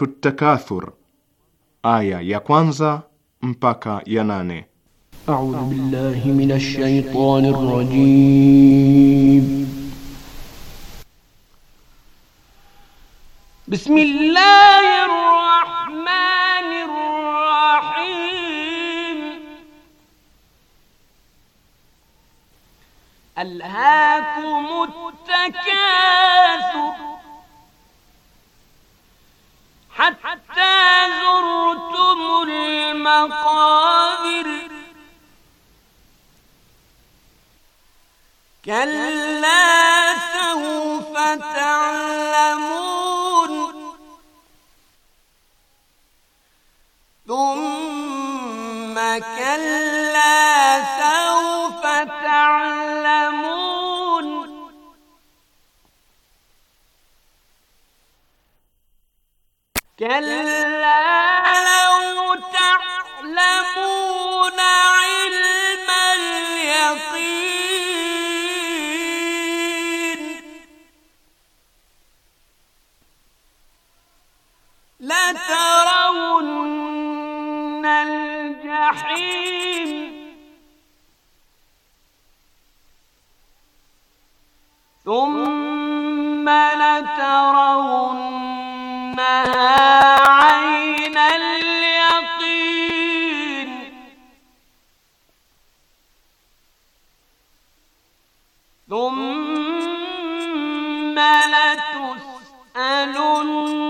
Suratu Takathur aya ya kwanza mpaka ya nane. A'udhu billahi minash shaitani rajim. Bismillahir rahmanir rahim. Alhaakumut takathur حتى زرتم المقابر كلا سوف تعلمون ثم كلا سوف تعلمون كلا لو تعلمون علم اليقين لترون الجحيم ثم لترون عين اليقين ثم لتسألن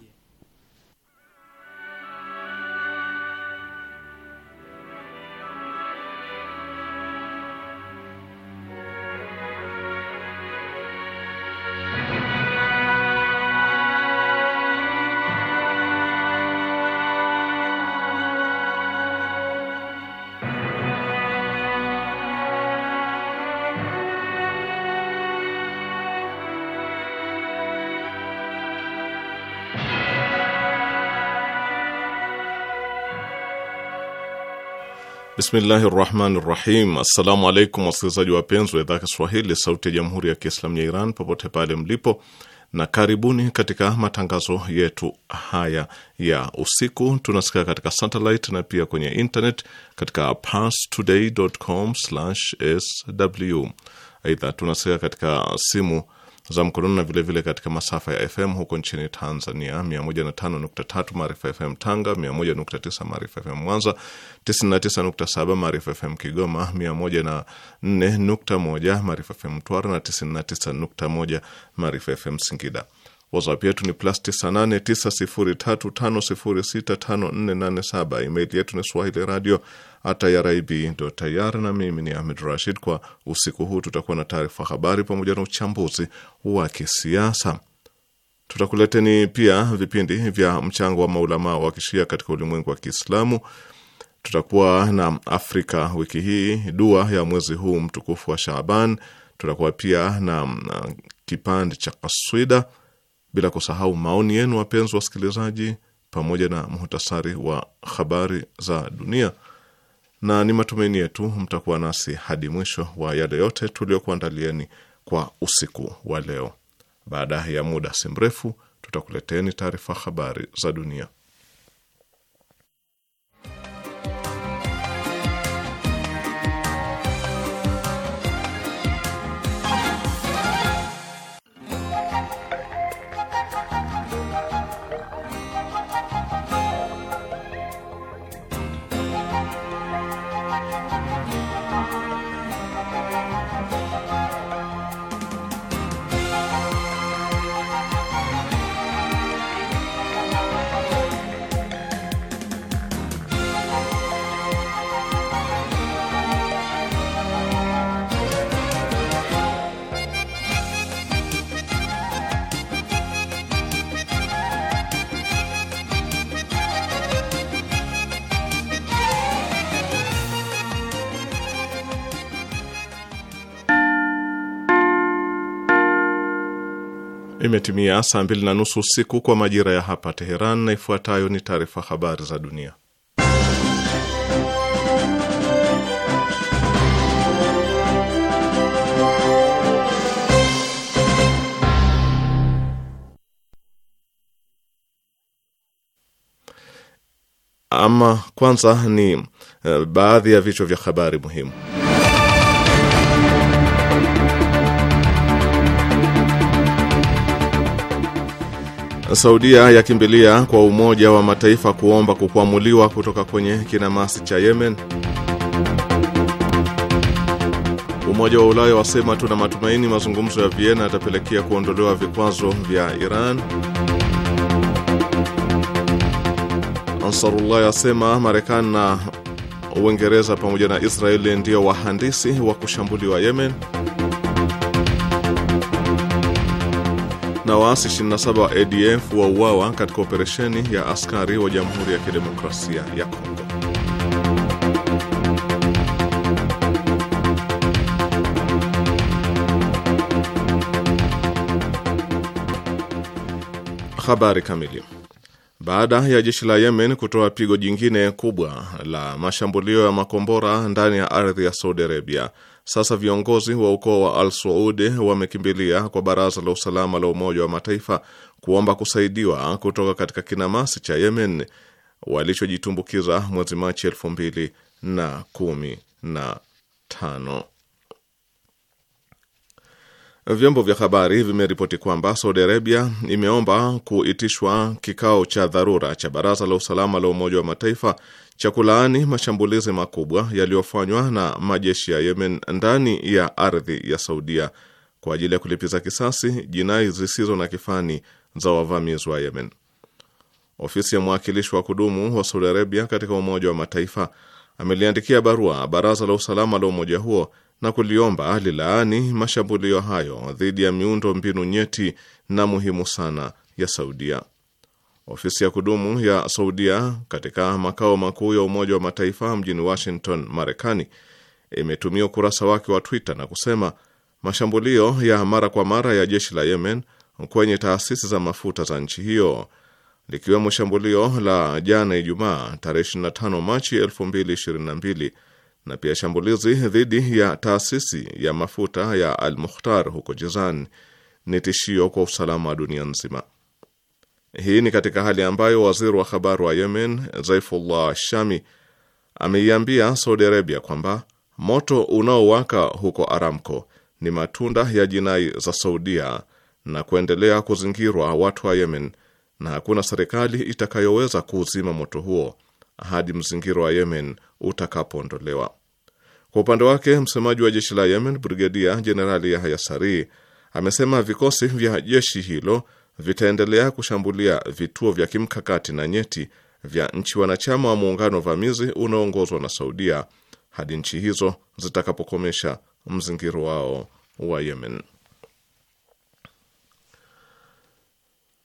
Bismillahi rahmani rahim. Assalamu alaikum wasikilizaji wapenzi wa idhaa Kiswahili sauti ya jamhuri ya Kiislamu ya Iran popote pale mlipo, na karibuni katika matangazo yetu haya ya usiku. Tunasikia katika satellite na pia kwenye internet katika parstoday.com/sw. Aidha tunasikia katika simu za mkononi na vilevile katika masafa ya FM huko nchini Tanzania: 105.3 Maarifa FM Tanga, 101.9 Maarifa FM Mwanza, 99.7 Maarifa FM Kigoma, 104.1 Maarifa FM Mtwara na 99.1 Maarifa FM Singida. WhatsApp yetu ni plus 989035065487. Email yetu ni swahili radio irib.ir, na mimi ni Ahmed Rashid. Kwa usiku huu tutakuwa na taarifa habari pamoja na uchambuzi wa kisiasa. Tutakuleteni pia vipindi vya mchango wa maulamaa wa kishia katika ulimwengu wa Kiislamu. Tutakuwa na Afrika wiki hii, dua ya mwezi huu mtukufu wa Shaaban. Tutakuwa pia na kipande cha kaswida, bila kusahau maoni yenu, wapenzi wasikilizaji, pamoja na muhtasari wa habari za dunia na ni matumaini yetu mtakuwa nasi hadi mwisho wa yale yote tuliyokuandalieni kwa usiku wa leo. Baada ya muda si mrefu, tutakuleteni taarifa habari za dunia. imetimia saa mbili na nusu usiku kwa majira ya hapa Teheran, na ifuatayo ni taarifa habari za dunia. Ama kwanza ni uh, baadhi ya vichwa vya habari muhimu. Saudia yakimbilia kwa Umoja wa Mataifa kuomba kukwamuliwa kutoka kwenye kinamasi cha Yemen. Umoja wa Ulaya wasema tuna matumaini mazungumzo ya Vienna yatapelekea kuondolewa vikwazo vya Iran. Ansarullah yasema Marekani na Uingereza pamoja na Israeli ndio wahandisi wa kushambuliwa Yemen. na waasi 27 wa ADF wauawa katika operesheni ya askari wa Jamhuri ya Kidemokrasia ya Kongo. Habari kamili. Baada ya jeshi la Yemen kutoa pigo jingine kubwa la mashambulio ya makombora ndani ya ardhi ya Saudi Arabia, sasa viongozi wa ukoo wa Al Saudi wamekimbilia kwa Baraza la Usalama la Umoja wa Mataifa kuomba kusaidiwa kutoka katika kinamasi cha Yemen walichojitumbukiza mwezi Machi elfu mbili na kumi na tano. Vyombo vya habari vimeripoti kwamba Saudi Arabia imeomba kuitishwa kikao cha dharura cha Baraza la Usalama la Umoja wa Mataifa cha kulaani mashambulizi makubwa yaliyofanywa na majeshi ya Yemen ndani ya ardhi ya Saudia kwa ajili ya kulipiza kisasi jinai zisizo na kifani za wavamizi wa Yemen. Ofisi ya mwakilishi wa kudumu wa Saudi Arabia katika Umoja wa Mataifa ameliandikia barua Baraza la Usalama la umoja huo na kuliomba lilaani mashambulio hayo dhidi ya miundo mbinu nyeti na muhimu sana ya Saudia. Ofisi ya kudumu ya Saudia katika makao makuu ya Umoja wa Mataifa mjini Washington, Marekani, imetumia ukurasa wake wa Twitter na kusema mashambulio ya mara kwa mara ya jeshi la Yemen kwenye taasisi za mafuta za nchi hiyo likiwemo shambulio la jana Ijumaa tarehe 25 Machi 2022 na pia shambulizi dhidi ya taasisi ya mafuta ya Al Mukhtar huko Jizan ni tishio kwa usalama wa dunia nzima. Hii ni katika hali ambayo waziri wa habari wa Yemen Zaifullah Shami ameiambia Saudi Arabia kwamba moto unaowaka huko Aramco ni matunda ya jinai za Saudia na kuendelea kuzingirwa watu wa Yemen, na hakuna serikali itakayoweza kuuzima moto huo hadi mzingiro wa Yemen utakapoondolewa. Kwa upande wake, msemaji wa jeshi la Yemen Brigedia Jenerali Yahya Sari amesema vikosi vya jeshi hilo vitaendelea kushambulia vituo vya kimkakati na nyeti vya nchi wanachama wa muungano vamizi unaoongozwa na Saudia hadi nchi hizo zitakapokomesha mzingiro wao wa Yemen.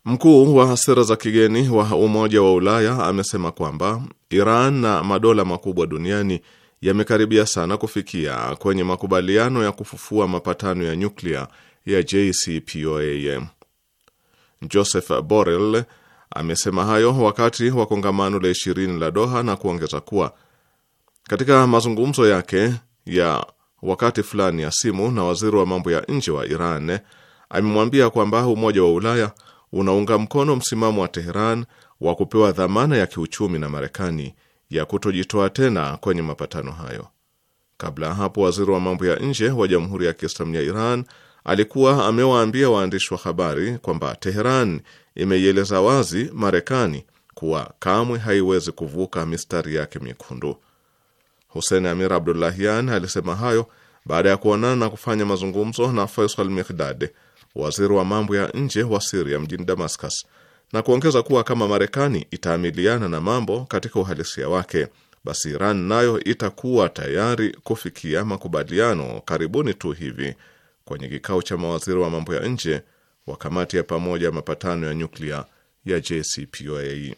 Mkuu wa sera za kigeni wa Umoja wa Ulaya amesema kwamba Iran na madola makubwa duniani yamekaribia sana kufikia kwenye makubaliano ya kufufua mapatano ya nyuklia ya JCPOA Joseph Borrell amesema hayo wakati wa kongamano la ishirini la Doha na kuongeza kuwa katika mazungumzo yake ya wakati fulani ya simu na waziri wa mambo ya nje wa Iran amemwambia kwamba Umoja wa Ulaya unaunga mkono msimamo wa Teheran wa kupewa dhamana ya kiuchumi na Marekani ya kutojitoa tena kwenye mapatano hayo. Kabla ya hapo, waziri wa mambo ya nje wa Jamhuri ya Kiislamu ya Iran alikuwa amewaambia waandishi wa habari kwamba Teheran imeieleza wazi Marekani kuwa kamwe haiwezi kuvuka mistari yake mekundu. Hussein Amir Abdullahian alisema hayo baada ya kuonana na kufanya mazungumzo na Faisal Mikdad, waziri wa mambo ya nje wa Siria mjini Damascus, na kuongeza kuwa kama Marekani itaamiliana na mambo katika uhalisia wake, basi Iran nayo itakuwa tayari kufikia makubaliano karibuni tu hivi kwenye kikao cha mawaziri wa mambo ya nje wa kamati ya pamoja mapatano ya nyuklia ya JCPOA.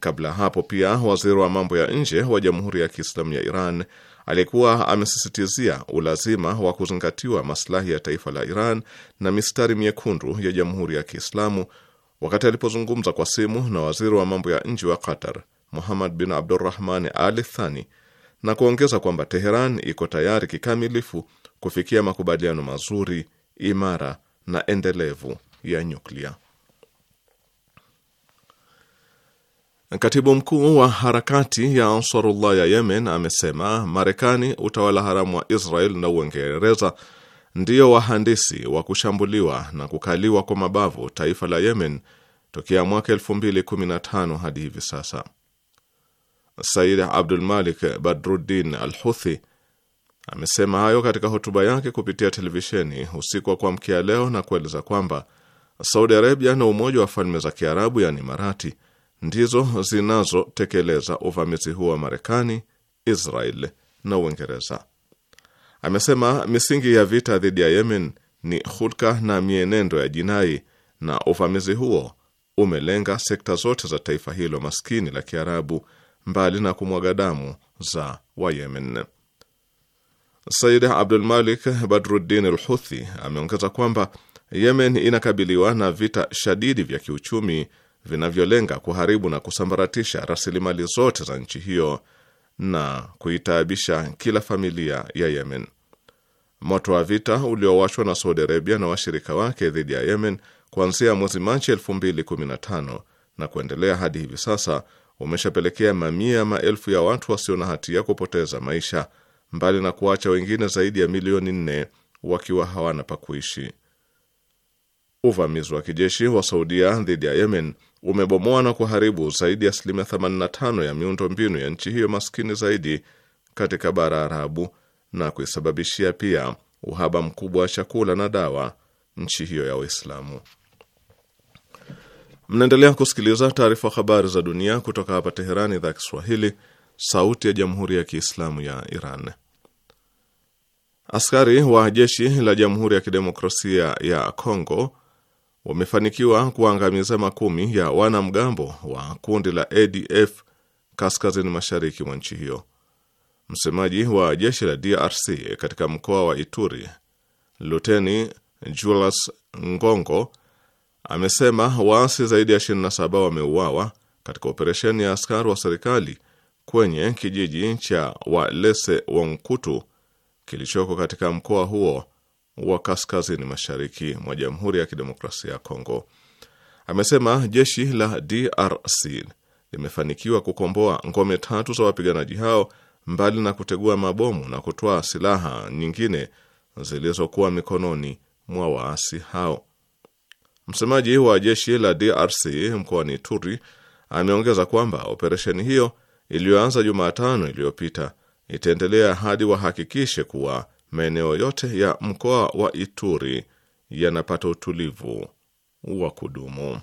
Kabla hapo pia waziri wa mambo ya nje wa Jamhuri ya Kiislamu ya Iran alikuwa amesisitizia ulazima wa kuzingatiwa maslahi ya taifa la Iran na mistari miekundu ya Jamhuri ya Kiislamu wakati alipozungumza kwa simu na waziri wa mambo ya nje wa Qatar Muhammad bin Abdurrahman Al Thani na kuongeza kwamba Teheran iko tayari kikamilifu kufikia makubaliano mazuri, imara na endelevu ya nyuklia. Katibu mkuu wa harakati ya Ansarullah ya Yemen amesema Marekani, utawala haramu wa Israel na Uingereza ndiyo wahandisi wa kushambuliwa na kukaliwa kwa mabavu taifa la Yemen tokea mwaka 2015 hadi hivi sasa. Said Abdul Malik Badruddin Al Huthi Amesema hayo katika hotuba yake kupitia televisheni usiku wa kuamkia leo na kueleza kwamba Saudi Arabia na Umoja wa Falme za Kiarabu yani marati ndizo zinazotekeleza uvamizi huo wa Marekani, Israel na Uingereza. Amesema misingi ya vita dhidi ya Yemen ni hulka na mienendo ya jinai, na uvamizi huo umelenga sekta zote za taifa hilo maskini la Kiarabu, mbali na kumwaga damu za Wayemen. Said malik Badruddin al Huthi ameongeza kwamba Yemen inakabiliwa na vita shadidi vya kiuchumi vinavyolenga kuharibu na kusambaratisha rasilimali zote za nchi hiyo na kuitaabisha kila familia ya Yemen. Moto wa vita uliowashwa na Saudi Arabia na washirika wake dhidi ya Yemen kuanzia mwezi Machi 2015 na kuendelea hadi hivi sasa umeshapelekea mamia ya maelfu ya watu wasio na hatia kupoteza maisha mbali na kuacha wengine zaidi ya milioni nne wakiwa hawana pa kuishi. Uvamizi wa kijeshi wa Saudia dhidi ya Yemen umebomoa na kuharibu zaidi ya asilimia 85 ya miundo mbinu ya nchi hiyo maskini zaidi katika bara Arabu na kuisababishia pia uhaba mkubwa wa chakula na dawa nchi hiyo ya Waislamu. Mnaendelea kusikiliza taarifa habari za dunia kutoka hapa Teherani, idhaa Kiswahili, sauti ya jamhuri ya kiislamu ya Iran askari wa jeshi la Jamhuri ya Kidemokrasia ya Kongo wamefanikiwa kuangamiza makumi ya wanamgambo wa kundi la ADF kaskazini mashariki mwa nchi hiyo. Msemaji wa jeshi la DRC katika mkoa wa Ituri, Luteni Julius Ngongo, amesema waasi zaidi ya 27 wameuawa katika operesheni ya askari wa serikali kwenye kijiji cha Walese Wonkutu kilichoko katika mkoa huo wa kaskazini mashariki mwa Jamhuri ya Kidemokrasia ya Kongo. Amesema jeshi la DRC limefanikiwa kukomboa ngome tatu za wapiganaji hao, mbali na kutegua mabomu na kutoa silaha nyingine zilizokuwa mikononi mwa waasi hao. Msemaji wa jeshi la DRC mkoani Turi ameongeza kwamba operesheni hiyo iliyoanza Jumatano iliyopita itaendelea hadi wahakikishe kuwa maeneo yote ya mkoa wa Ituri yanapata utulivu wa kudumu.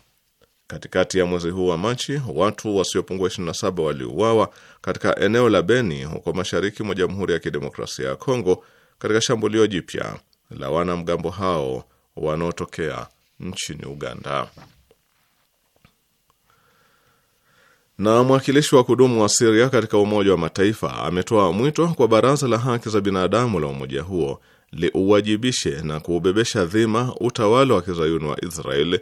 Katikati ya mwezi huu wa Machi, watu wasiopungua 27 waliuawa katika eneo la Beni huko mashariki mwa Jamhuri ya Kidemokrasia ya Kongo katika shambulio jipya la wanamgambo hao wanaotokea nchini Uganda. Na mwakilishi wa kudumu wa Siria katika Umoja wa Mataifa ametoa mwito kwa Baraza la Haki za Binadamu la umoja huo liuwajibishe na kuubebesha dhima utawala wa kizayuni wa Israeli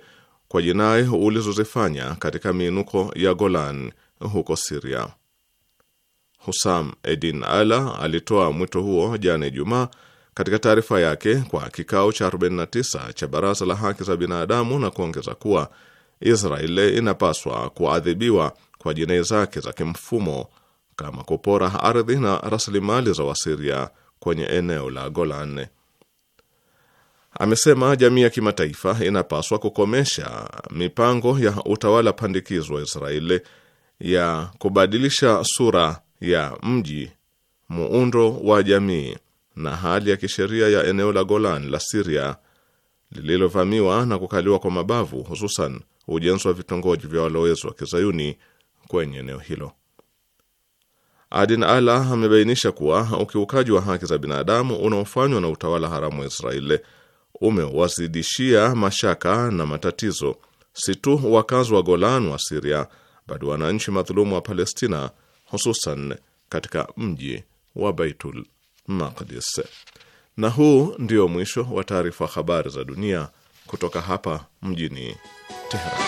kwa jinai ulizozifanya katika miinuko ya Golan huko Siria. Husam Edin Ala alitoa mwito huo jana Ijumaa katika taarifa yake kwa kikao cha 49 cha Baraza la Haki za Binadamu na kuongeza kuwa israel inapaswa kuadhibiwa kwa jinai zake za kimfumo kama kupora ardhi na rasilimali za Wasiria kwenye eneo la Golan. Amesema jamii ya kimataifa inapaswa kukomesha mipango ya utawala pandikizo wa Israeli ya kubadilisha sura ya mji, muundo wa jamii na hali ya kisheria ya eneo la Golan la Siria lililovamiwa na kukaliwa kwa mabavu, hususan ujenzi wa vitongoji vya walowezi wa Kizayuni kwenye eneo hilo. Adin Ala amebainisha kuwa ukiukaji wa haki za binadamu unaofanywa na utawala haramu wa Israeli umewazidishia mashaka na matatizo si tu wakazi wa Golan wa Siria bali wananchi madhulumu wa Palestina, hususan katika mji wa Baitul Maqdis. Na huu ndio mwisho wa taarifa habari za dunia kutoka hapa mjini Teheran.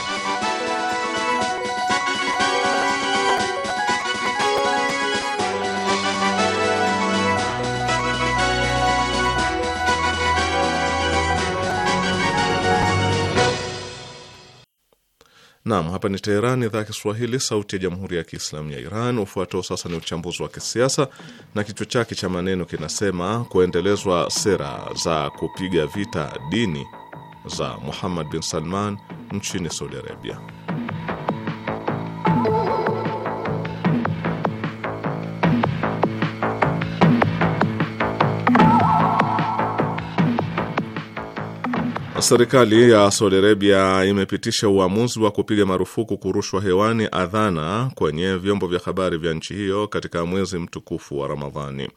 Naam, hapa ni Teherani, idhaa ya Kiswahili, sauti ya jamhuri ya kiislamu ya Iran. Ufuatao sasa ni uchambuzi wa kisiasa na kichwa chake cha maneno kinasema kuendelezwa sera za kupiga vita dini za Muhammad bin Salman nchini Saudi Arabia. Serikali ya Saudi Arabia imepitisha uamuzi wa kupiga marufuku kurushwa hewani adhana kwenye vyombo vya habari vya nchi hiyo katika mwezi mtukufu wa Ramadhani.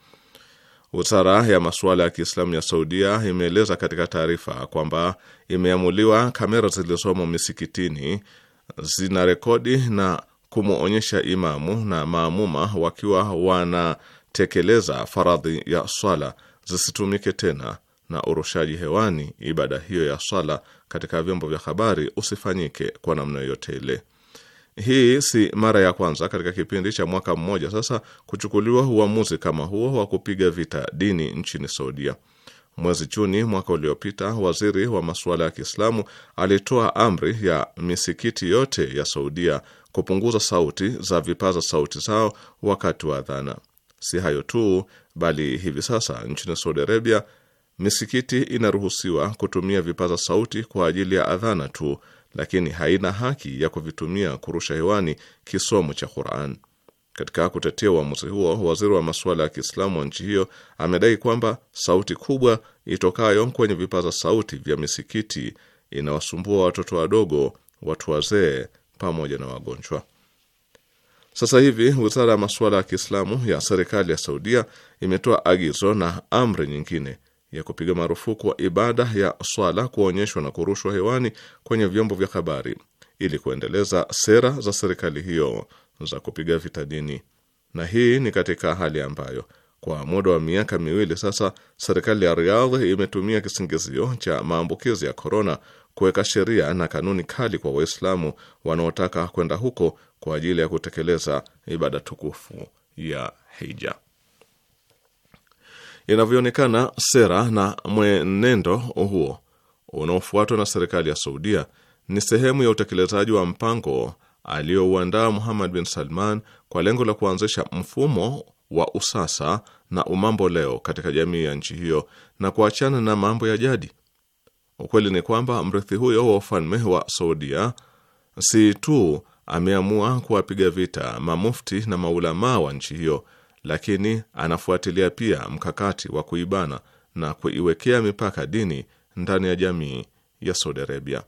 Wizara ya masuala ya Kiislamu ya Saudia imeeleza katika taarifa kwamba imeamuliwa kamera zilizomo misikitini zina rekodi na kumwonyesha imamu na maamuma wakiwa wanatekeleza faradhi ya swala zisitumike tena na urushaji hewani ibada hiyo ya swala katika vyombo vya habari usifanyike kwa namna yoyote ile. Hii si mara ya kwanza katika kipindi cha mwaka mmoja sasa kuchukuliwa uamuzi kama huo wa kupiga vita dini nchini Saudia. Mwezi Juni mwaka uliopita, waziri wa masuala ya Kiislamu alitoa amri ya misikiti yote ya Saudia kupunguza sauti za vipaza sauti zao wakati wa adhana. Si hayo tu, bali hivi sasa nchini Saudi Arabia misikiti inaruhusiwa kutumia vipaza sauti kwa ajili ya adhana tu, lakini haina haki ya kuvitumia kurusha hewani kisomo cha Quran. Katika kutetea uamuzi huo, waziri wa masuala ya Kiislamu wa nchi hiyo amedai kwamba sauti kubwa itokayo kwenye vipaza sauti vya misikiti inawasumbua watoto wadogo, watu wazee pamoja na wagonjwa. Sasa hivi wizara ya masuala ya Kiislamu ya serikali ya Saudia imetoa agizo na amri nyingine ya kupiga marufuku wa ibada ya swala kuonyeshwa na kurushwa hewani kwenye vyombo vya habari ili kuendeleza sera za serikali hiyo za kupiga vita dini. Na hii ni katika hali ambayo kwa muda wa miaka miwili sasa serikali ya Riyadh imetumia kisingizio cha maambukizi ya korona kuweka sheria na kanuni kali kwa Waislamu wanaotaka kwenda huko kwa ajili ya kutekeleza ibada tukufu ya hija. Inavyoonekana, sera na mwenendo huo unaofuatwa na serikali ya Saudia ni sehemu ya utekelezaji wa mpango aliyouandaa Muhammad bin Salman kwa lengo la kuanzisha mfumo wa usasa na umambo leo katika jamii ya nchi hiyo na kuachana na mambo ya jadi. Ukweli ni kwamba mrithi huyo wa ufalme wa Saudia si tu ameamua kuwapiga vita mamufti na maulamaa wa nchi hiyo lakini anafuatilia pia mkakati wa kuibana na kuiwekea mipaka dini ndani ya jamii ya Saudi Arabia.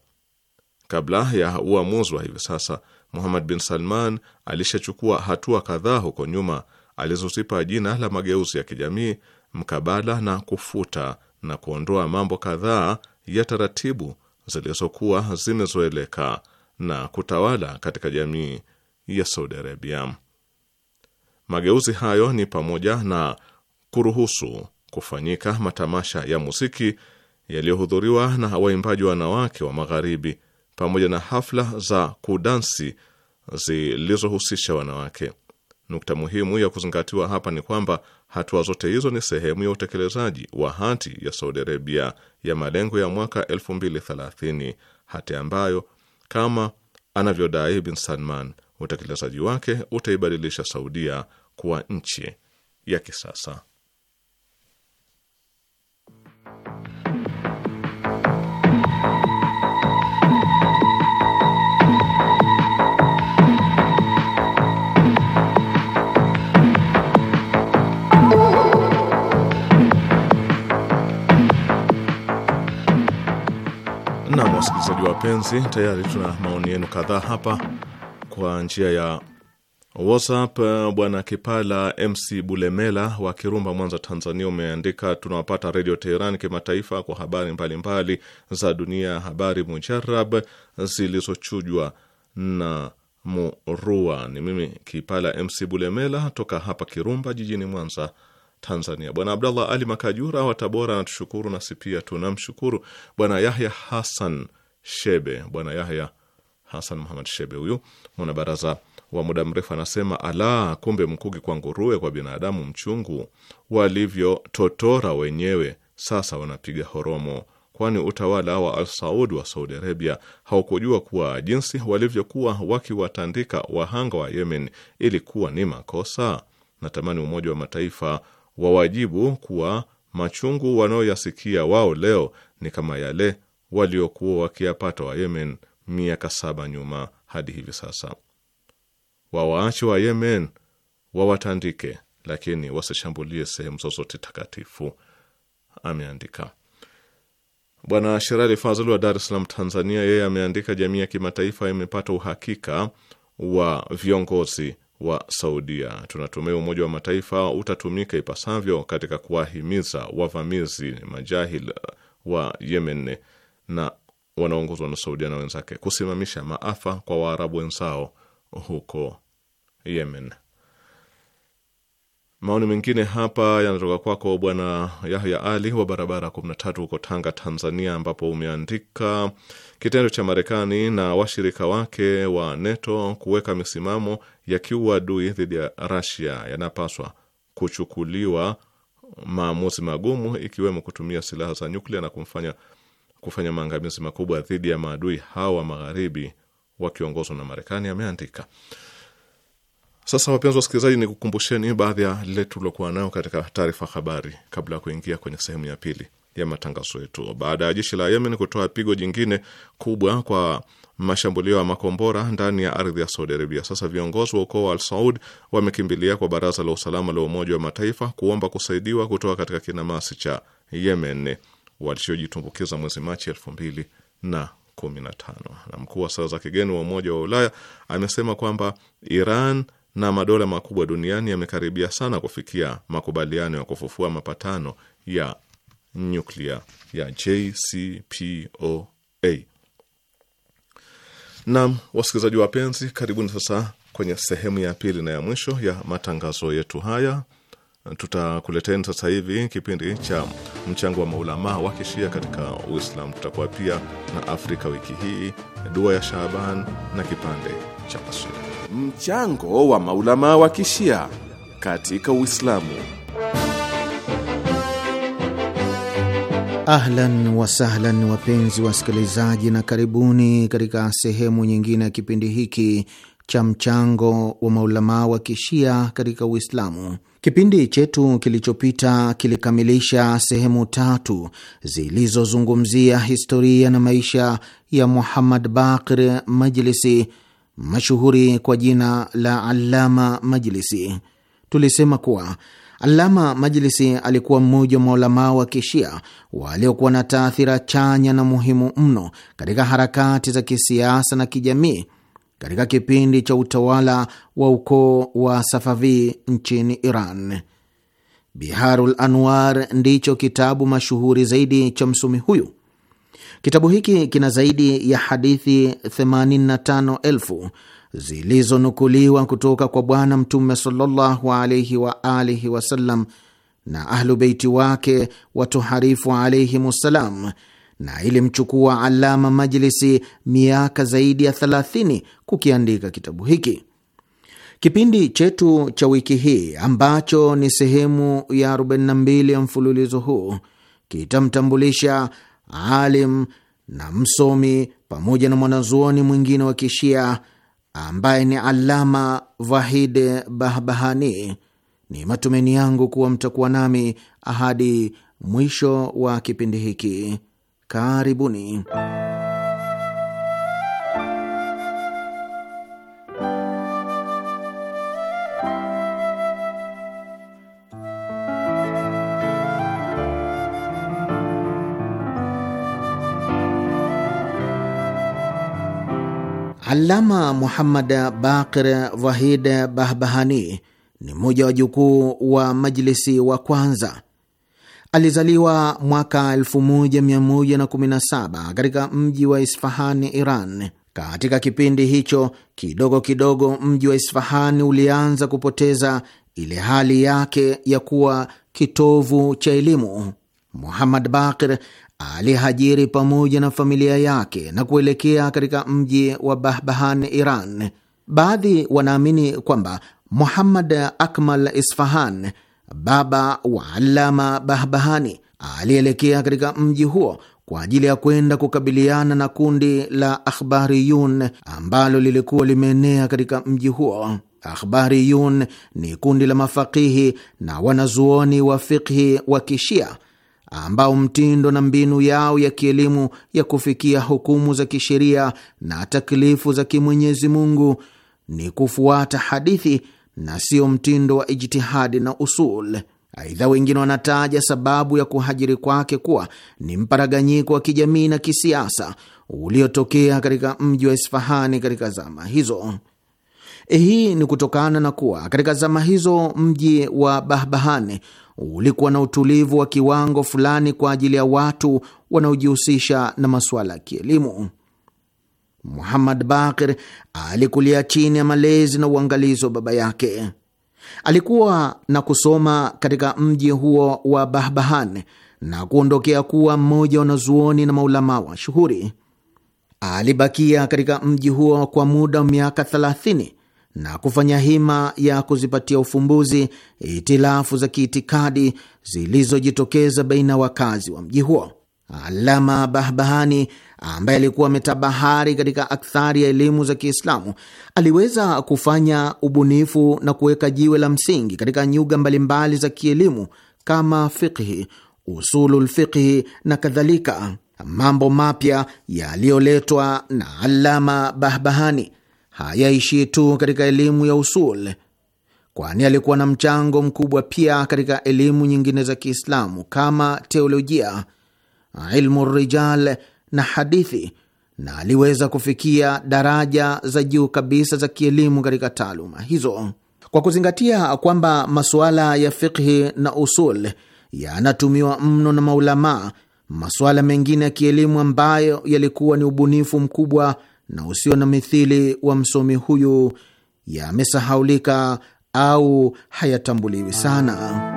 Kabla ya uamuzi wa hivi sasa, Muhammad bin Salman alishachukua hatua kadhaa huko nyuma alizozipa jina la mageuzi ya kijamii mkabala na kufuta na kuondoa mambo kadhaa ya taratibu zilizokuwa zimezoeleka na kutawala katika jamii ya Saudi Arabia. Mageuzi hayo ni pamoja na kuruhusu kufanyika matamasha ya muziki yaliyohudhuriwa na waimbaji wanawake wa Magharibi pamoja na hafla za kudansi zilizohusisha wanawake. Nukta muhimu ya kuzingatiwa hapa ni kwamba hatua zote hizo ni sehemu ya utekelezaji wa hati ya Saudi Arabia ya malengo ya mwaka 2030, hati ambayo kama anavyodai Bin Salman utekelezaji wake utaibadilisha Saudia kuwa nchi ya kisasa. Wasikilizaji wapenzi, tayari tuna maoni yenu kadhaa hapa kwa njia ya WhatsApp. Eh, Bwana Kipala MC Bulemela wa Kirumba, Mwanza, Tanzania, umeandika tunawapata Redio Teheran kimataifa kwa habari mbalimbali mbali za dunia, habari mujarab zilizochujwa na murua. Ni mimi Kipala MC Bulemela toka hapa Kirumba jijini Mwanza, Tanzania. Bwana Abdallah Ali Makajura wa Tabora anatushukuru, nasi pia tunamshukuru. Bwana Yahya Hassan Shebe, Bwana Yahya Hasan Muhamad Shebe, huyu mwanabaraza wa muda mrefu, anasema ala, kumbe mkuki kwa nguruwe, kwa binadamu mchungu, walivyototora wenyewe, sasa wanapiga horomo kwani utawala wa Al Saud wa Saudi Arabia haukujua kuwa jinsi walivyokuwa wakiwatandika wahanga wa Yemen ilikuwa ni makosa. Natamani Umoja wa Mataifa wawajibu kuwa machungu wanaoyasikia wao leo ni kama yale waliokuwa wakiyapata wa Yemen miaka saba nyuma hadi hivi sasa. wawaachi wa Yemen wawatandike, lakini wasishambulie sehemu zozote takatifu, ameandika Bwana Shirali Fazl wa Dar es Salaam, Tanzania. Yeye ameandika, jamii ya kimataifa imepata uhakika wa viongozi wa Saudia. Tunatumia Umoja wa Mataifa utatumika ipasavyo katika kuwahimiza wavamizi majahil wa Yemen na wanaongozwa na Saudia na wenzake kusimamisha maafa kwa Waarabu wenzao huko Yemen. Maoni mengine hapa yanatoka kwako Bwana Yahya Ali wa barabara 13 huko Tanga, Tanzania, ambapo umeandika kitendo cha Marekani na washirika wake wa NATO kuweka misimamo ya kiuadui dhidi ya Rasia yanapaswa kuchukuliwa maamuzi magumu, ikiwemo kutumia silaha za nyuklia na kumfanya kufanya maangamizi makubwa dhidi ya maadui hawa magharibi wakiongozwa na Marekani, ameandika. Sasa wapenzi wasikilizaji, ni kukumbusheni baadhi ya lile tuliokuwa nayo katika taarifa habari kabla ya kuingia kwenye sehemu ya pili ya matangazo yetu. Baada ya jeshi la Yemen kutoa pigo jingine kubwa kwa mashambulio ya makombora ndani ya ardhi ya Saudi Arabia, sasa viongozi wa ukoo wa Al Saud wamekimbilia kwa Baraza la Usalama la Umoja wa Mataifa kuomba kusaidiwa kutoka katika kinamasi cha Yemen walishojitumbukiza mwezi Machi elfu mbili na kumi na tano. Na mkuu wa sera za kigeni wa Umoja wa Ulaya amesema kwamba Iran na madola makubwa duniani yamekaribia sana kufikia makubaliano ya kufufua mapatano ya nyuklia ya JCPOA. Naam, wasikilizaji wapenzi, karibuni sasa kwenye sehemu ya pili na ya mwisho ya matangazo yetu haya tutakuleteni sasa hivi kipindi cha mchango wa maulamaa wa kishia katika Uislamu. Tutakuwa pia na Afrika wiki hii, dua ya Shaaban na kipande cha kaswida. Mchango wa maulamaa wa kishia katika Uislamu. Ahlan wasahlan, wapenzi wasikilizaji, na karibuni katika sehemu nyingine ya kipindi hiki cha mchango wa maulamaa wa kishia katika Uislamu. Kipindi chetu kilichopita kilikamilisha sehemu tatu zilizozungumzia historia na maisha ya Muhammad Baqir Majlisi, mashuhuri kwa jina la Allama Majlisi. Tulisema kuwa Allama Majlisi alikuwa mmoja wa maulamaa wa kishia waliokuwa na taathira chanya na muhimu mno katika harakati za kisiasa na kijamii katika kipindi cha utawala wa ukoo wa Safavi nchini Iran. Biharul Anwar ndicho kitabu mashuhuri zaidi cha msomi huyu. Kitabu hiki kina zaidi ya hadithi 85,000 zilizonukuliwa kutoka kwa Bwana Mtume sallallahu alaihi wa alihi wasallam na Ahlubeiti wake watoharifu alaihimussalam na ilimchukua Alama Majlisi miaka zaidi ya 30 kukiandika kitabu hiki. Kipindi chetu cha wiki hii ambacho ni sehemu ya 42 ya mfululizo huu kitamtambulisha alim na msomi pamoja na mwanazuoni mwingine wa Kishia ambaye ni Alama Vahid Bahbahani. Ni matumaini yangu kuwa mtakuwa nami ahadi mwisho wa kipindi hiki. Karibuni. Alama Muhammad Baqir Wahid Bahbahani ni mmoja wa jukuu wa Majlisi wa kwanza Alizaliwa mwaka 1117 katika mji wa Isfahani, Iran. Katika kipindi hicho kidogo kidogo, mji wa Isfahani ulianza kupoteza ile hali yake ya kuwa kitovu cha elimu. Muhammad Bakir alihajiri pamoja na familia yake na kuelekea katika mji wa Bahbahan, Iran. Baadhi wanaamini kwamba Muhammad Akmal Isfahan baba wa Alama Bahbahani, alielekea katika mji huo kwa ajili ya kwenda kukabiliana na kundi la Akhbariyun ambalo lilikuwa limeenea katika mji huo. Akhbariyun ni kundi la mafakihi na wanazuoni wa fikhi wa Kishia ambao mtindo na mbinu yao ya kielimu ya kufikia hukumu za kisheria na taklifu za kimwenyezi Mungu ni kufuata hadithi na sio mtindo wa ijtihadi na usul. Aidha, wengine wanataja sababu ya kuhajiri kwake kuwa ni mparaganyiko wa kijamii na kisiasa uliotokea katika mji wa Isfahani katika zama hizo. Eh, hii ni kutokana na kuwa katika zama hizo mji wa Bahbahane ulikuwa na utulivu wa kiwango fulani kwa ajili ya watu wanaojihusisha na masuala ya kielimu. Muhammad Bakir alikulia chini ya malezi na uangalizi wa baba yake. Alikuwa na kusoma katika mji huo wa Bahbahan na kuondokea kuwa mmoja wanazuoni na maulama wa shuhuri. Alibakia katika mji huo kwa muda wa miaka 30 na kufanya hima ya kuzipatia ufumbuzi itilafu za kiitikadi zilizojitokeza baina ya wakazi wa mji huo. Alama Bahbahani ambaye alikuwa ametabahari katika akthari ya elimu za Kiislamu aliweza kufanya ubunifu na kuweka jiwe la msingi katika nyuga mbalimbali za kielimu kama fiqhi, usulul fiqhi na kadhalika, mambo mapya yaliyoletwa na alama Bahbahani hayaishi tu katika elimu ya usul kwani alikuwa na mchango mkubwa pia katika elimu nyingine za Kiislamu kama teolojia, ilmu rijal na hadithi na aliweza kufikia daraja za juu kabisa za kielimu katika taaluma hizo. Kwa kuzingatia kwamba masuala ya fikhi na usul yanatumiwa mno na maulamaa, masuala mengine ya kielimu ambayo yalikuwa ni ubunifu mkubwa na usio na mithili wa msomi huyu yamesahaulika au hayatambuliwi sana.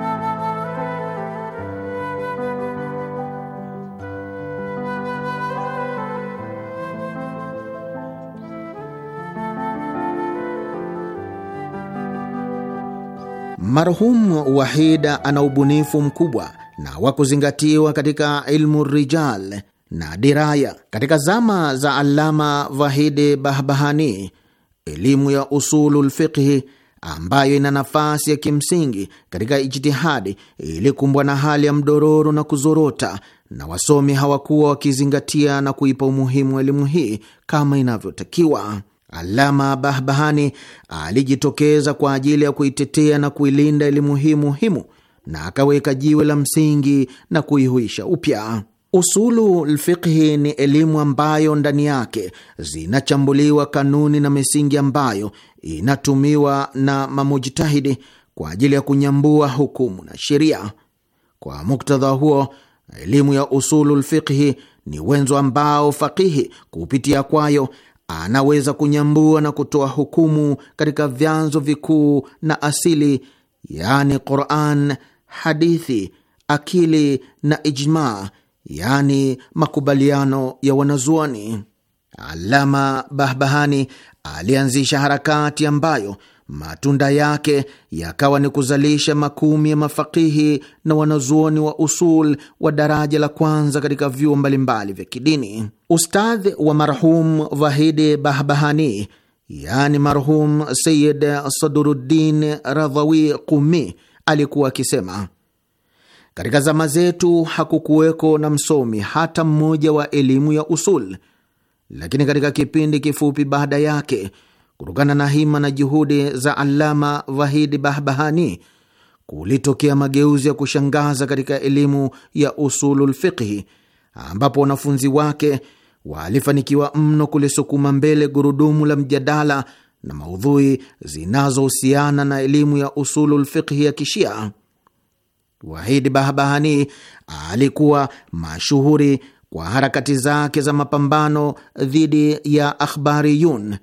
Marhum Wahida ana ubunifu mkubwa na wa kuzingatiwa katika ilmu rijal na diraya. Katika zama za alama Vahidi Bahbahani, elimu ya usulul fiqhi ambayo ina nafasi ya kimsingi katika ijtihadi ilikumbwa na hali ya mdororo na kuzorota, na wasomi hawakuwa wakizingatia na kuipa umuhimu elimu hii kama inavyotakiwa. Alama Bahbahani alijitokeza kwa ajili ya kuitetea na kuilinda elimu hii muhimu na akaweka jiwe la msingi na kuihuisha upya. Usulu lfiqhi ni elimu ambayo ndani yake zinachambuliwa kanuni na misingi ambayo inatumiwa na mamujtahidi kwa ajili ya kunyambua hukumu na sheria. Kwa muktadha huo, elimu ya usulu lfiqhi ni wenzo ambao fakihi kupitia kwayo anaweza kunyambua na kutoa hukumu katika vyanzo vikuu na asili, yani Quran, hadithi, akili na ijma, yani makubaliano ya wanazuoni. Alama Bahbahani alianzisha harakati ambayo matunda yake yakawa ni kuzalisha makumi ya mafakihi na wanazuoni wa usul wa daraja la kwanza katika vyuo mbalimbali vya kidini. Ustadh wa marhum Vahidi Bahbahani, yani marhum Sayid Saduruddin Radhawi Qumi, alikuwa akisema katika zama zetu hakukuweko na msomi hata mmoja wa elimu ya usul, lakini katika kipindi kifupi baada yake kutokana na hima na juhudi za Allama Vahidi Bahbahani kulitokea mageuzi ya kushangaza katika elimu ya usulul fiqhi, ambapo wanafunzi wake walifanikiwa mno kulisukuma mbele gurudumu la mjadala na maudhui zinazohusiana na elimu ya usulul fiqhi ya Kishia. Wahidi Bahbahani alikuwa mashuhuri kwa harakati zake za mapambano dhidi ya akhbariyun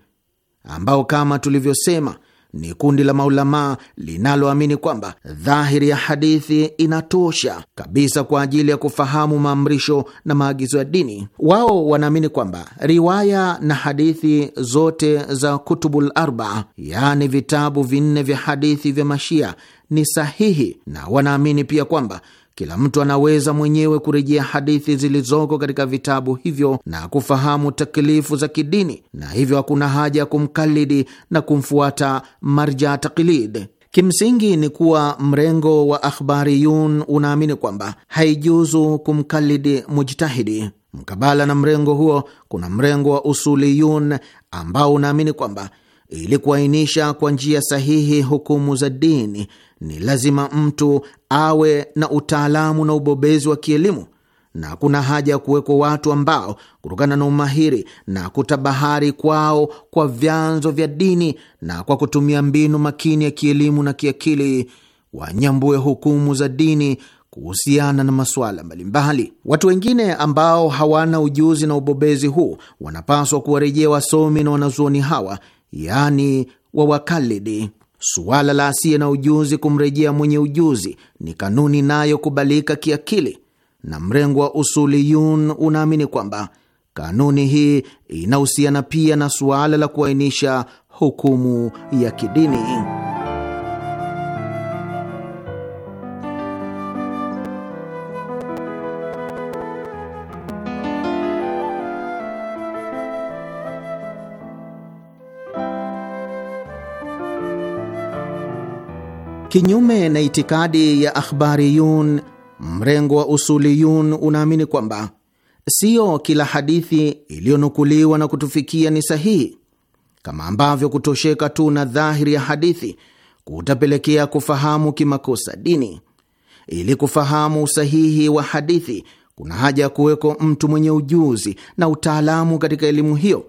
ambao kama tulivyosema ni kundi la maulamaa linaloamini kwamba dhahiri ya hadithi inatosha kabisa kwa ajili ya kufahamu maamrisho na maagizo ya dini. Wao wanaamini kwamba riwaya na hadithi zote za Kutubul Arba, yaani vitabu vinne vya hadithi vya Mashia, ni sahihi, na wanaamini pia kwamba kila mtu anaweza mwenyewe kurejea hadithi zilizoko katika vitabu hivyo na kufahamu takilifu za kidini, na hivyo hakuna haja ya kumkalidi na kumfuata marja taklid. Kimsingi ni kuwa mrengo wa akhbariyun unaamini kwamba haijuzu kumkalidi mujtahidi. Mkabala na mrengo huo, kuna mrengo wa usuliyun ambao unaamini kwamba ili kuainisha kwa njia sahihi hukumu za dini ni lazima mtu awe na utaalamu na ubobezi wa kielimu, na kuna haja ya kuwekwa watu ambao kutokana na umahiri na kutabahari kwao kwa vyanzo vya dini na kwa kutumia mbinu makini ya kielimu na kiakili wanyambue hukumu za dini kuhusiana na masuala mbalimbali. Watu wengine ambao hawana ujuzi na ubobezi huu wanapaswa kuwarejea wasomi na wanazuoni hawa, yaani wawakalidi. Suala la asiye na ujuzi kumrejea mwenye ujuzi ni kanuni inayokubalika kiakili, na mrengo wa usuliyun unaamini kwamba kanuni hii inahusiana pia na suala la kuainisha hukumu ya kidini. Kinyume na itikadi ya akhbariyun, mrengo wa usuliyun unaamini kwamba siyo kila hadithi iliyonukuliwa na kutufikia ni sahihi, kama ambavyo kutosheka tu na dhahiri ya hadithi kutapelekea kufahamu kimakosa dini. Ili kufahamu usahihi wa hadithi, kuna haja ya kuweko mtu mwenye ujuzi na utaalamu katika elimu hiyo,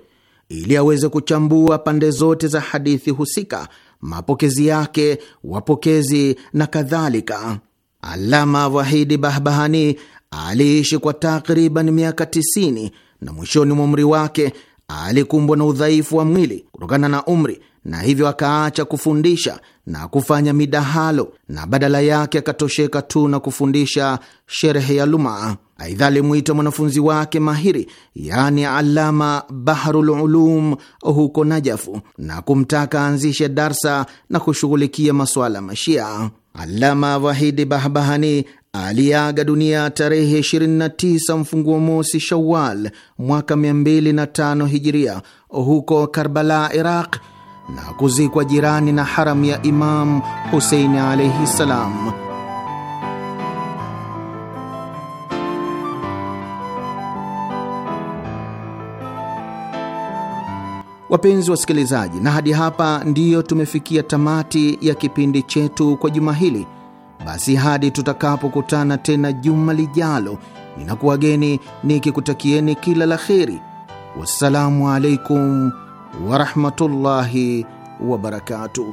ili aweze kuchambua pande zote za hadithi husika mapokezi yake, wapokezi na kadhalika. Alama Wahidi Bahbahani aliishi kwa takriban miaka 90 na mwishoni mwa umri wake alikumbwa na udhaifu wa mwili kutokana na umri na hivyo akaacha kufundisha na kufanya midahalo na badala yake akatosheka tu na kufundisha sherehe ya Lumaa. Aidha, alimwita mwanafunzi wake mahiri, yani Alama Baharul Ulum huko Najafu, na kumtaka aanzishe darsa na kushughulikia masuala Mashia. Alama Wahidi Bahbahani aliyeaga dunia tarehe 29 mfunguo mosi Shawal mwaka 205 hijiria huko Karbala, Iraq na kuzikwa jirani na haramu ya imam Huseini alaihi ssalam. Wapenzi wasikilizaji, na hadi hapa ndiyo tumefikia tamati ya kipindi chetu kwa juma hili. Basi hadi tutakapokutana tena juma lijalo, ninakuwageni nikikutakieni kila la kheri. Wassalamu alaikum ورحمه الله وبركاته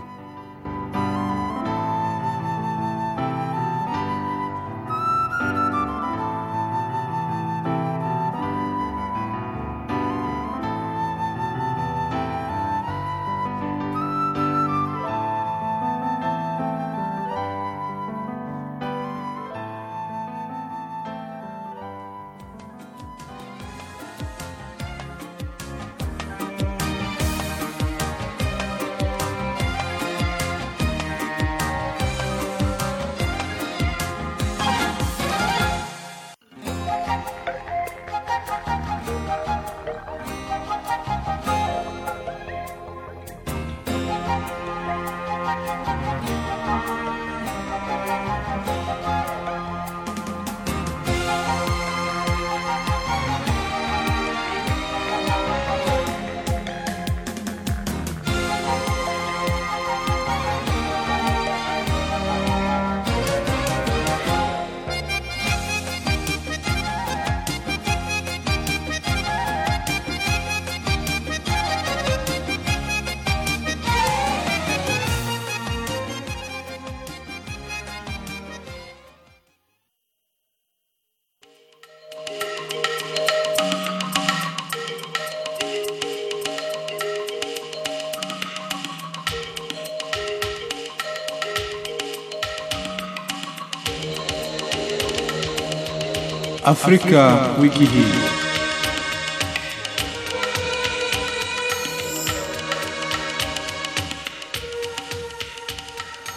Afrika, wiki hii.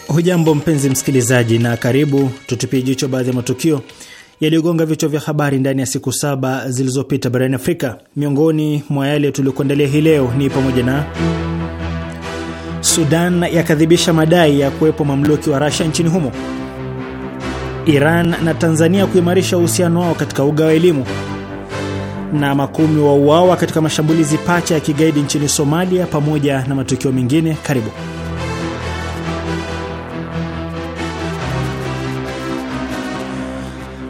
Hujambo mpenzi msikilizaji, na karibu tutupie jicho baadhi ya matukio yaliyogonga vichwa vya habari ndani ya siku saba zilizopita barani Afrika. Miongoni mwa yale tuliokuandalia hii leo ni pamoja na Sudan yakadhibisha madai ya kuwepo mamluki wa Russia nchini humo Iran na Tanzania kuimarisha uhusiano wao katika uga wa elimu, na makumi wa uawa katika mashambulizi pacha ya kigaidi nchini Somalia, pamoja na matukio mengine. Karibu.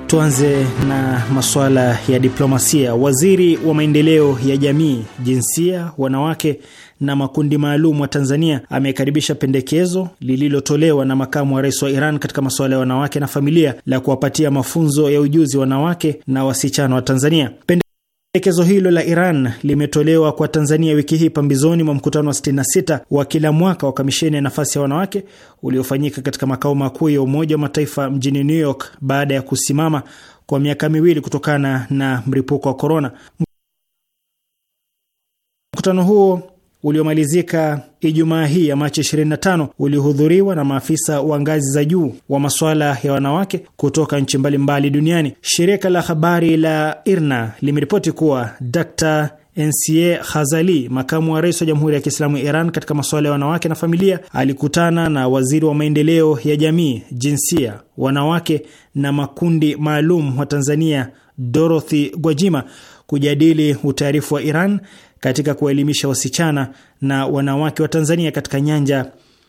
Tuanze na masuala ya diplomasia. Waziri wa maendeleo ya jamii, jinsia, wanawake na makundi maalum wa Tanzania amekaribisha pendekezo lililotolewa na makamu wa rais wa Iran katika masuala ya wanawake na familia la kuwapatia mafunzo ya ujuzi wanawake na wasichana wa Tanzania Pende Pendekezo hilo la Iran limetolewa kwa Tanzania wiki hii pambizoni mwa mkutano wa 66 wa kila mwaka wa kamisheni ya nafasi ya wanawake uliofanyika katika makao makuu ya Umoja wa Mataifa mjini New York baada ya kusimama kwa miaka miwili kutokana na mlipuko wa korona. Mkutano huo uliomalizika Ijumaa hii ya Machi 25 ulihudhuriwa na maafisa wa ngazi za juu wa masuala ya wanawake kutoka nchi mbalimbali duniani. Shirika la habari la IRNA limeripoti kuwa Dr. NCA Khazali, makamu wa rais wa Jamhuri ya Kiislamu ya Iran katika masuala ya wanawake na familia, alikutana na waziri wa maendeleo ya jamii, jinsia, wanawake na makundi maalum wa Tanzania Dorothy Gwajima kujadili utaarifu wa Iran katika kuwaelimisha wasichana na wanawake wa Tanzania katika nyanja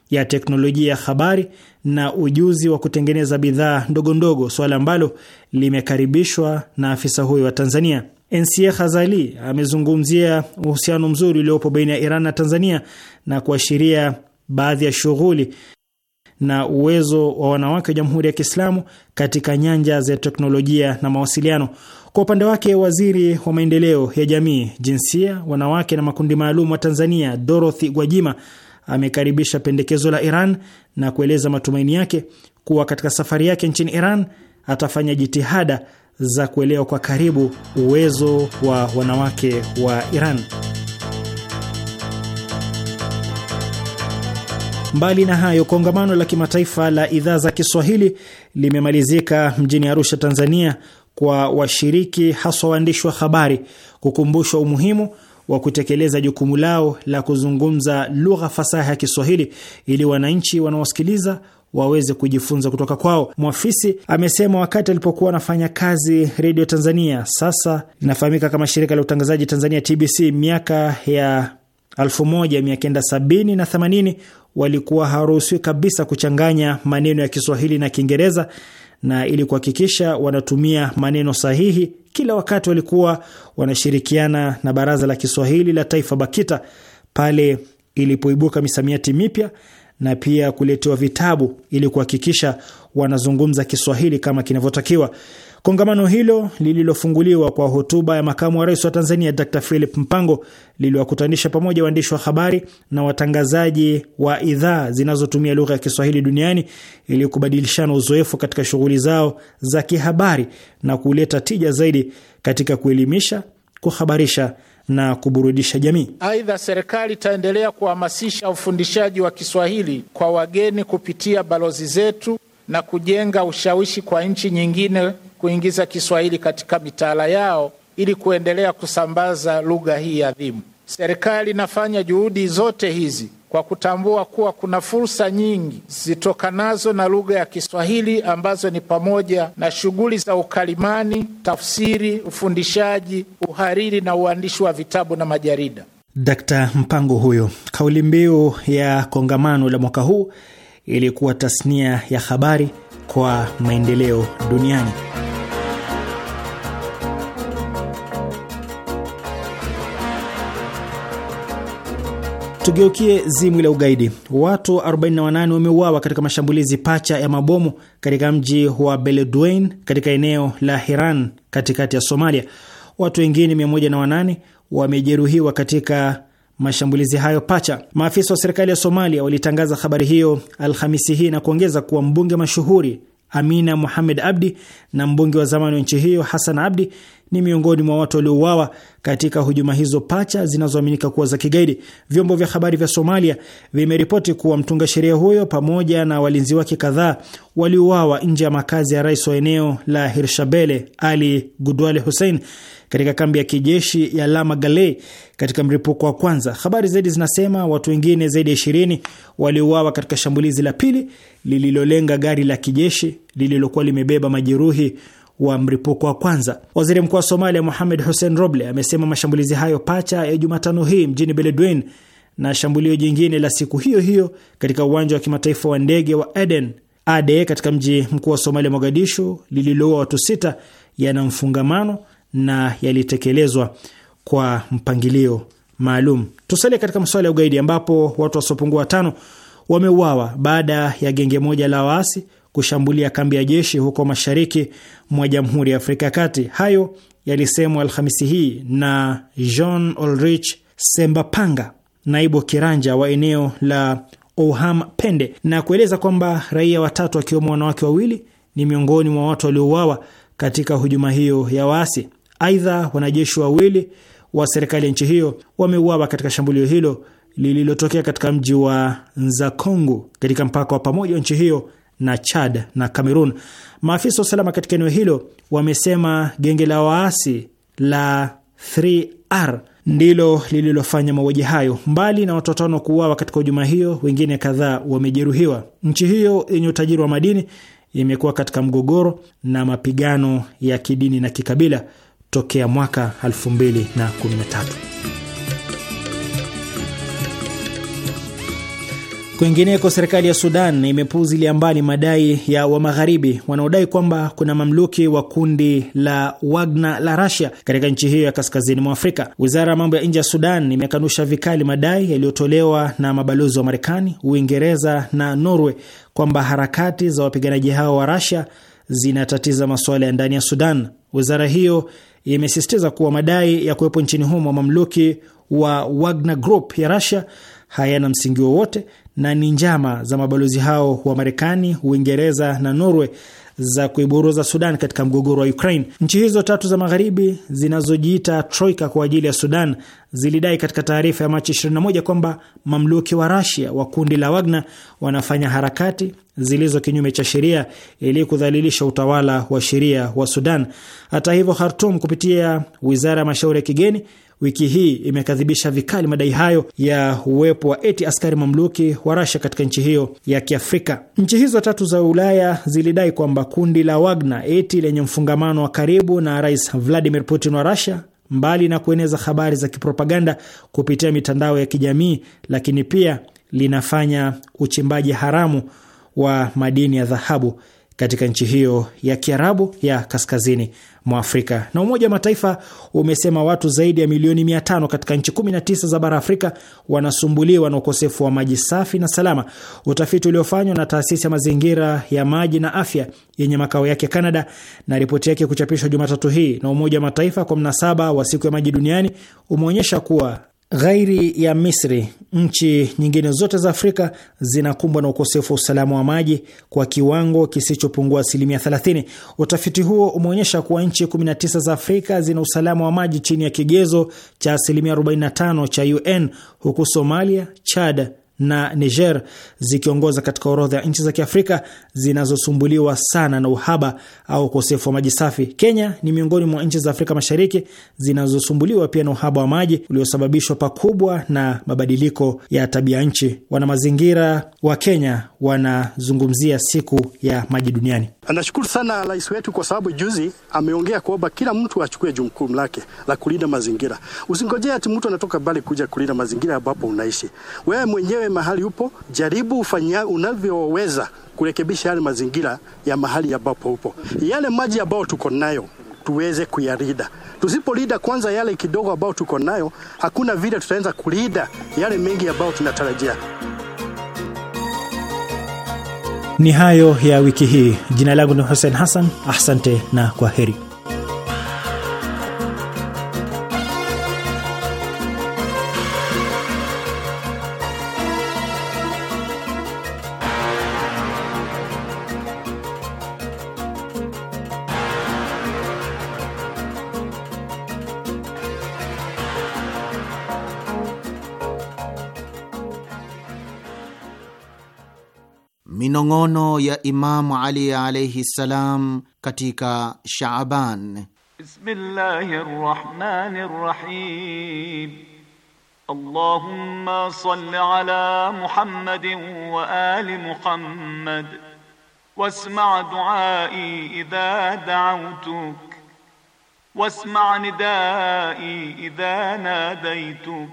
ya teknolojia ya habari na ujuzi wa kutengeneza bidhaa ndogo ndogo, swala ambalo limekaribishwa na afisa huyo wa Tanzania. NCA Khazali amezungumzia uhusiano mzuri uliopo baina ya Iran na Tanzania na kuashiria baadhi ya shughuli na uwezo wa wanawake wa Jamhuri ya Kiislamu katika nyanja za teknolojia na mawasiliano. Kwa upande wake waziri wa maendeleo ya jamii, jinsia, wanawake na makundi maalum wa Tanzania, Dorothy Gwajima amekaribisha pendekezo la Iran na kueleza matumaini yake kuwa katika safari yake nchini Iran atafanya jitihada za kuelewa kwa karibu uwezo wa wanawake wa Iran. Mbali na hayo, kongamano la kimataifa la idhaa za Kiswahili limemalizika mjini Arusha, Tanzania, kwa washiriki haswa waandishi wa habari kukumbushwa umuhimu wa kutekeleza jukumu lao la kuzungumza lugha fasaha ya Kiswahili ili wananchi wanaosikiliza waweze kujifunza kutoka kwao. Mwafisi amesema wakati alipokuwa anafanya kazi redio Tanzania, sasa linafahamika kama shirika la utangazaji Tanzania TBC, miaka ya 1970 na 80 walikuwa haruhusiwi kabisa kuchanganya maneno ya Kiswahili na Kiingereza na ili kuhakikisha wanatumia maneno sahihi, kila wakati walikuwa wanashirikiana na Baraza la Kiswahili la Taifa BAKITA pale ilipoibuka misamiati mipya na pia kuletewa vitabu ili kuhakikisha wanazungumza Kiswahili kama kinavyotakiwa. Kongamano hilo lililofunguliwa kwa hotuba ya makamu wa rais wa Tanzania Dr Philip Mpango liliwakutanisha pamoja waandishi wa habari na watangazaji wa idhaa zinazotumia lugha ya Kiswahili duniani ili kubadilishana uzoefu katika shughuli zao za kihabari na kuleta tija zaidi katika kuelimisha, kuhabarisha na kuburudisha jamii. Aidha, serikali itaendelea kuhamasisha ufundishaji wa Kiswahili kwa wageni kupitia balozi zetu na kujenga ushawishi kwa nchi nyingine kuingiza Kiswahili katika mitaala yao ili kuendelea kusambaza lugha hii adhimu. Serikali inafanya juhudi zote hizi kwa kutambua kuwa kuna fursa nyingi zitokanazo na lugha ya Kiswahili ambazo ni pamoja na shughuli za ukalimani, tafsiri, ufundishaji, uhariri na uandishi wa vitabu na majarida. Dkt. Mpango huyo. Kauli mbiu ya kongamano la mwaka huu ilikuwa tasnia ya habari kwa maendeleo duniani. Tugeukie zimwi la ugaidi. Watu 48 wameuawa katika mashambulizi pacha ya mabomu katika mji wa Beledweyne katika eneo la Hiran katikati ya Somalia. Watu wengine 108 wamejeruhiwa katika mashambulizi hayo pacha. Maafisa wa serikali ya Somalia walitangaza habari hiyo Alhamisi hii na kuongeza kuwa mbunge mashuhuri Amina Mohamed Abdi na mbunge wa zamani wa nchi hiyo Hassan Abdi ni miongoni mwa watu waliouawa katika hujuma hizo pacha zinazoaminika kuwa za kigaidi. Vyombo vya habari vya Somalia vimeripoti kuwa mtunga sheria huyo pamoja na walinzi wake kadhaa waliuawa nje ya makazi ya rais wa eneo la Hirshabele Ali Gudwale Hussein katika kambi ya kijeshi ya Lama Galey katika mripuko wa kwanza. Habari zaidi zinasema watu wengine zaidi ya ishirini waliuawa katika shambulizi la pili lililolenga gari la kijeshi lililokuwa limebeba majeruhi wa mripuko wa kwanza. Waziri mkuu wa Somalia Mohamed Hussein Roble amesema mashambulizi hayo pacha ya Jumatano hii mjini Beledweyne na shambulio jingine la siku hiyo hiyo katika uwanja wa kimataifa wa ndege wa Eden Ade katika mji mkuu wa Somalia, Mogadishu, lililoua watu sita yana mfungamano na yalitekelezwa kwa mpangilio maalum. Tusalie katika masuala ya ugaidi ambapo watu wasiopungua watano wameuawa baada ya genge moja la waasi kushambulia kambi ya jeshi huko mashariki mwa Jamhuri ya Afrika ya Kati. Hayo yalisemwa Alhamisi hii na Jean Olrich Sembapanga, naibu kiranja wa eneo la Oham Pende, na kueleza kwamba raia watatu wakiwemo wanawake wawili ni miongoni mwa watu waliouawa katika hujuma hiyo ya waasi. Aidha, wanajeshi wawili wa serikali ya nchi hiyo wameuawa katika shambulio hilo lililotokea katika mji wa Nzakongu katika mpaka wa pamoja wa nchi hiyo na Chad na Cameroon. Maafisa wa usalama katika eneo hilo wamesema genge la waasi la 3R ndilo lililofanya mauaji hayo. Mbali na watu watano kuuawa katika hujuma hiyo, wengine kadhaa wamejeruhiwa. Nchi hiyo yenye utajiri wa madini imekuwa katika mgogoro na mapigano ya kidini na kikabila tokea mwaka 2013. Kwingineko, serikali ya Sudan imepuuzilia mbali madai ya wamagharibi wanaodai kwamba kuna mamluki wa kundi la Wagner la Russia katika nchi hiyo ya kaskazini mwa Afrika. Wizara ya mambo ya nje ya Sudan imekanusha vikali madai yaliyotolewa na mabalozi wa Marekani, Uingereza na Norway kwamba harakati za wapiganaji hao wa Russia zinatatiza masuala ya ndani ya Sudan. Wizara hiyo imesisitiza kuwa madai ya kuwepo nchini humo mamluki wa Wagner Group ya Russia hayana msingi wowote na ni njama za mabalozi hao wa Marekani, Uingereza na Norway za kuiboroza Sudan katika mgogoro wa Ukraine. Nchi hizo tatu za magharibi zinazojiita troika kwa ajili ya Sudan zilidai katika taarifa ya Machi 21 kwamba mamluki wa Rasia wa kundi la Wagner wanafanya harakati zilizo kinyume cha sheria ili kudhalilisha utawala wa sheria wa Sudan. Hata hivyo, Khartum kupitia wizara ya mashauri ya kigeni wiki hii imekadhibisha vikali madai hayo ya uwepo wa eti askari mamluki wa Rasha katika nchi hiyo ya Kiafrika. Nchi hizo tatu za Ulaya zilidai kwamba kundi la Wagner eti lenye mfungamano wa karibu na Rais Vladimir Putin wa Russia mbali na kueneza habari za kipropaganda kupitia mitandao ya kijamii, lakini pia linafanya uchimbaji haramu wa madini ya dhahabu katika nchi hiyo ya Kiarabu ya kaskazini mwa Afrika. Na Umoja wa Mataifa umesema watu zaidi ya milioni tano katika nchi 19 za bara Afrika wanasumbuliwa na ukosefu wa maji safi na salama. Utafiti uliofanywa na taasisi ya mazingira ya maji na afya yenye makao yake Canada na ripoti yake kuchapishwa Jumatatu hii na Umoja wa Mataifa kwa mnasaba wa siku ya maji duniani umeonyesha kuwa Ghairi ya Misri, nchi nyingine zote za Afrika zinakumbwa na ukosefu wa usalama wa maji kwa kiwango kisichopungua asilimia 30. Utafiti huo umeonyesha kuwa nchi 19 za Afrika zina usalama wa maji chini ya kigezo cha asilimia 45 cha UN, huku Somalia, Chad, na Niger zikiongoza katika orodha ya nchi za Kiafrika zinazosumbuliwa sana na uhaba au ukosefu wa maji safi. Kenya ni miongoni mwa nchi za Afrika Mashariki zinazosumbuliwa pia na uhaba wa maji uliosababishwa pakubwa na mabadiliko ya tabia nchi. Wanamazingira wa Kenya wanazungumzia siku ya maji duniani. Nashukuru sana rais wetu kwa sababu juzi ameongea kwamba kila mtu achukue jukumu lake la kulinda mazingira. Usingojee ati mtu anatoka bali kuja kulinda mazingira ambapo unaishi. Wewe mwenyewe mahali upo, jaribu ufanya unavyoweza kurekebisha yale mazingira ya mahali ambapo upo. Yale maji ambayo tuko nayo tuweze kuyarida. Tusipolinda kwanza yale kidogo ambayo tuko nayo, hakuna vile tutaanza kulinda yale mengi ambayo tunatarajia. Ni hayo ya wiki hii. Jina langu ni Hussein Hassan, asante na kwa heri. minong'ono ya Imamu Ali alaihi ssalam katika Shaaban. Bismillahi rahmani rahim. Allahumma salli ala Muhammadin wa ali Muhammad wasma duai idha dautuk wasma nidai idha nadaituk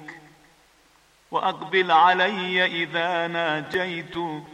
wa aqbil alayya idha najaituk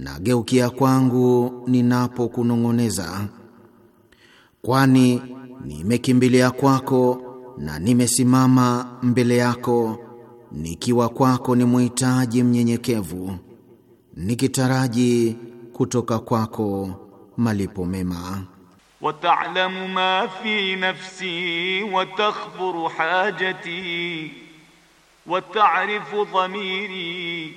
na geukia kwangu ninapokunong'oneza, kwani nimekimbilia kwako na nimesimama mbele yako nikiwa kwako ni muhitaji mnyenyekevu, nikitaraji kutoka kwako malipo mema. ta'lamu ma fi nafsi wa takhbur hajati wa ta'rifu dhamiri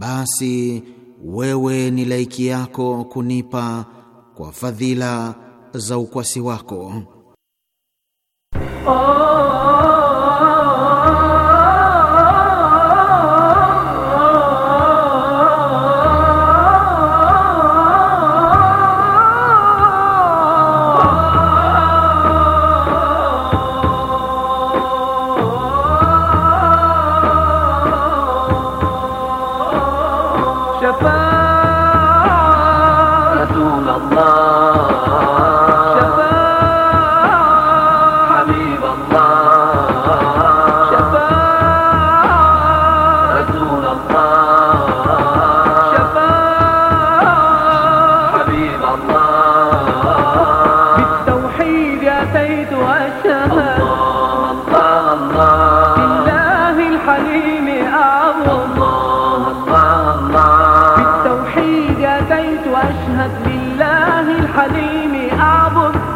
basi wewe ni laiki yako kunipa kwa fadhila za ukwasi wako oh.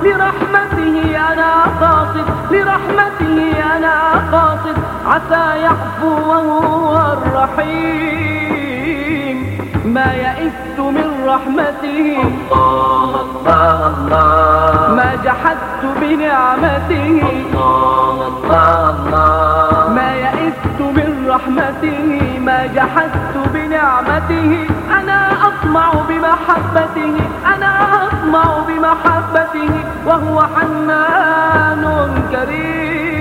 لرحمته أنا قاصد لرحمته أنا قاصد عسى يعفو وهو الرحيم ما يئست من رحمته الله الله الله ما جحدت بنعمته الله الله الله ما يئست من رحمته ما جحدت بنعمته أنا أطمع بمحبته أنا يطمع بمحبته وهو حنان كريم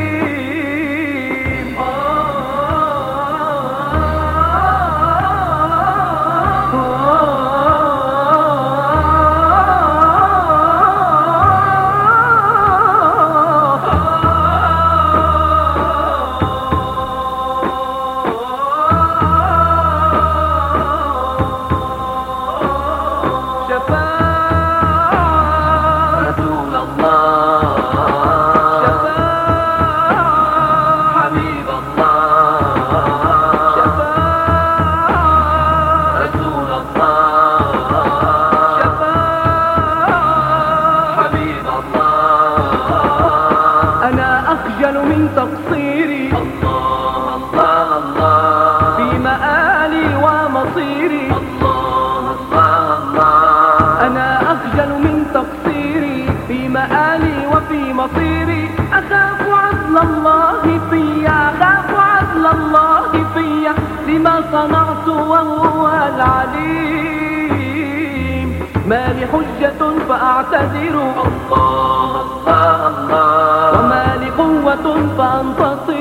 أبادر الله الله الله وما لي قوة فأنتصر